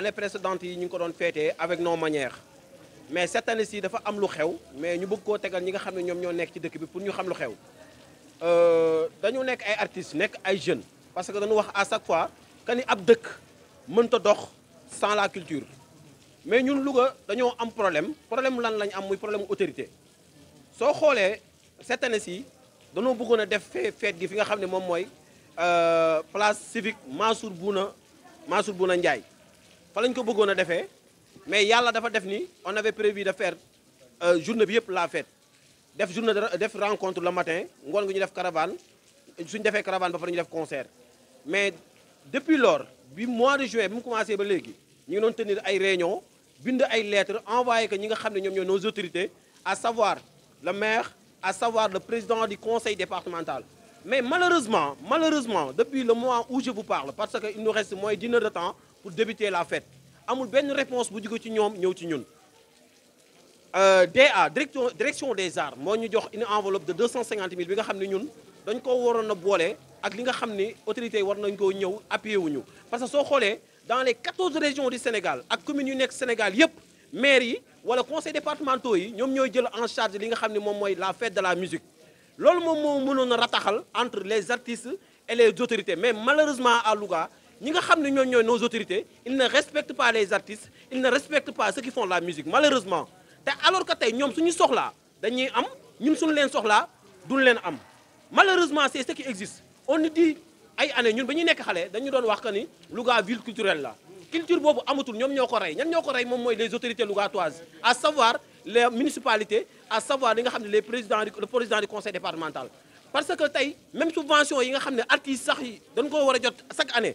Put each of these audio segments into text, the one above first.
année précédente yi ñu avec nos manières mais cette année ci avons fait des choses, mais nous avons beaucoup des ñi nga pour euh, nous artistes des jeunes parce que nous à chaque fois des sans la culture mais nous avons un problème problème problème autorité cette année ci nous voulons fête. Euh, place civique Mansour Mansour fa lañ ko bëggoon a defee mais la dafa def ni on avait prévu de faire euh, journée vie pour la fête def journée def rencontre le matin on a fait def caravane fait defee caravane pour faire ñu concert mais depuis lors le mois de juin nous avons commencé à Nous des ngi à tenir des réunion bind ay lettres envoyé que nos autorités à savoir le maire à savoir le président du conseil départemental mais malheureusement malheureusement depuis le mois où je vous parle parce qu'il nous reste moins d'une heure de temps pour débuter la fête amul benn réponse bu jóge ci ñoom ñëw ci euh, DA direction des arts a une enveloppe de 250 000 bi nga xam ne ñun dañ ko waroon ak war appuyé parce que dans les 14 régions du Sénégal ak commune, du Sénégal yépp mairie yi wala conseils départementaux yi ñoom en charge de la fête de la musique ce qui moo mënoon rataxal entre les artistes et les autorités mais malheureusement à Louga nous savons que nos autorités ils ne respectent pas les artistes ils ne respectent pas ceux qui font la musique malheureusement alors que nous sommes là, nous dañuy am ñun là, malheureusement c'est ce qui existe on nous dit ay année nous sommes là, dañu culture amatul les autorités à savoir les municipalités à savoir les présidents le président du conseil départemental parce que tay même subvention yi nga artistes sax dañ ko chaque année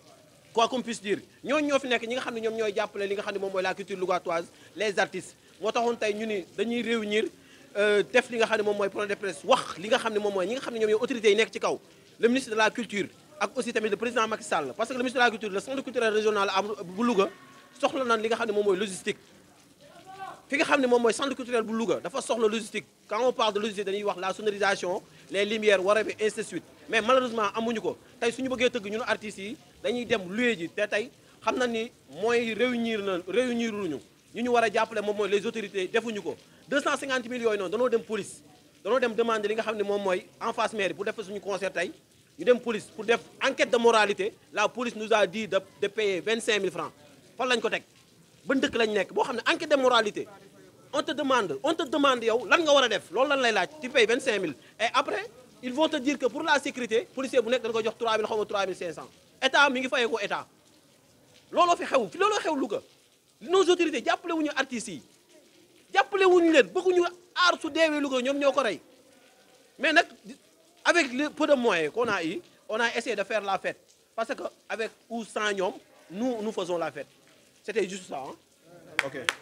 quoi qu'on puisse dire ñoo ñoo fi nek ñi nga xamni ñom ñoy ñooy li nga xamni mom moy la culture lugatoise les artistes moo taxoon tay ñu ni dañuy réunir euh, def li nga xamni mom moy mooy point de presse wax li nga xamni mom moy ñi nga xamni ñom ñoy autorité nek ci kaw le ministre de la culture ak aussi tamit le président Macky Sall parce que le ministre de la culture le centre culturel régional à bu Louga soxla nan li nga xamni mom moy logistique fi nga xamni mom moy centre culturel bu Louga dafa soxla logistique quand on parle de logistique dañuy wax la sonorisation les lumières et ainsi de suite mais malheureusement amuñu ko tey suñu bëggee artistes yi dañuy dem que ji avons tey xam na ni réunir na réunir luñu ñu ñu war les autorités defuñu ko 250 millions, non. noonu dem police danoo dem demander li nga xamni mom moy en face mairie pour def suñu concert tay, ñu dem police pour def enquête de moralité la police nous a dit de de payer 25 000 francs Fa lañ ko tek? Ba dëkk lañ nekk bo xamni enquête de moralité on te demande on te demande yow lan nga wara def tu payes 25 000. et après ils vont te dire que pour la sécurité policier bu nekk dañ ko jox 3000 xaw ma 3500 état mi ngi fayee ko état looloo fi xew fi looloo xew Louga nos autorités appelé wuñu artistes yi Ils wuñu beaucoup bëgguñu art su deewee Louga ñoom ñoo ko rey mais avec le peu de moyens qu'on a eu on a essayé de faire la fête parce que avec ou sans nous nous faisons la fête c'était juste ça hein. ok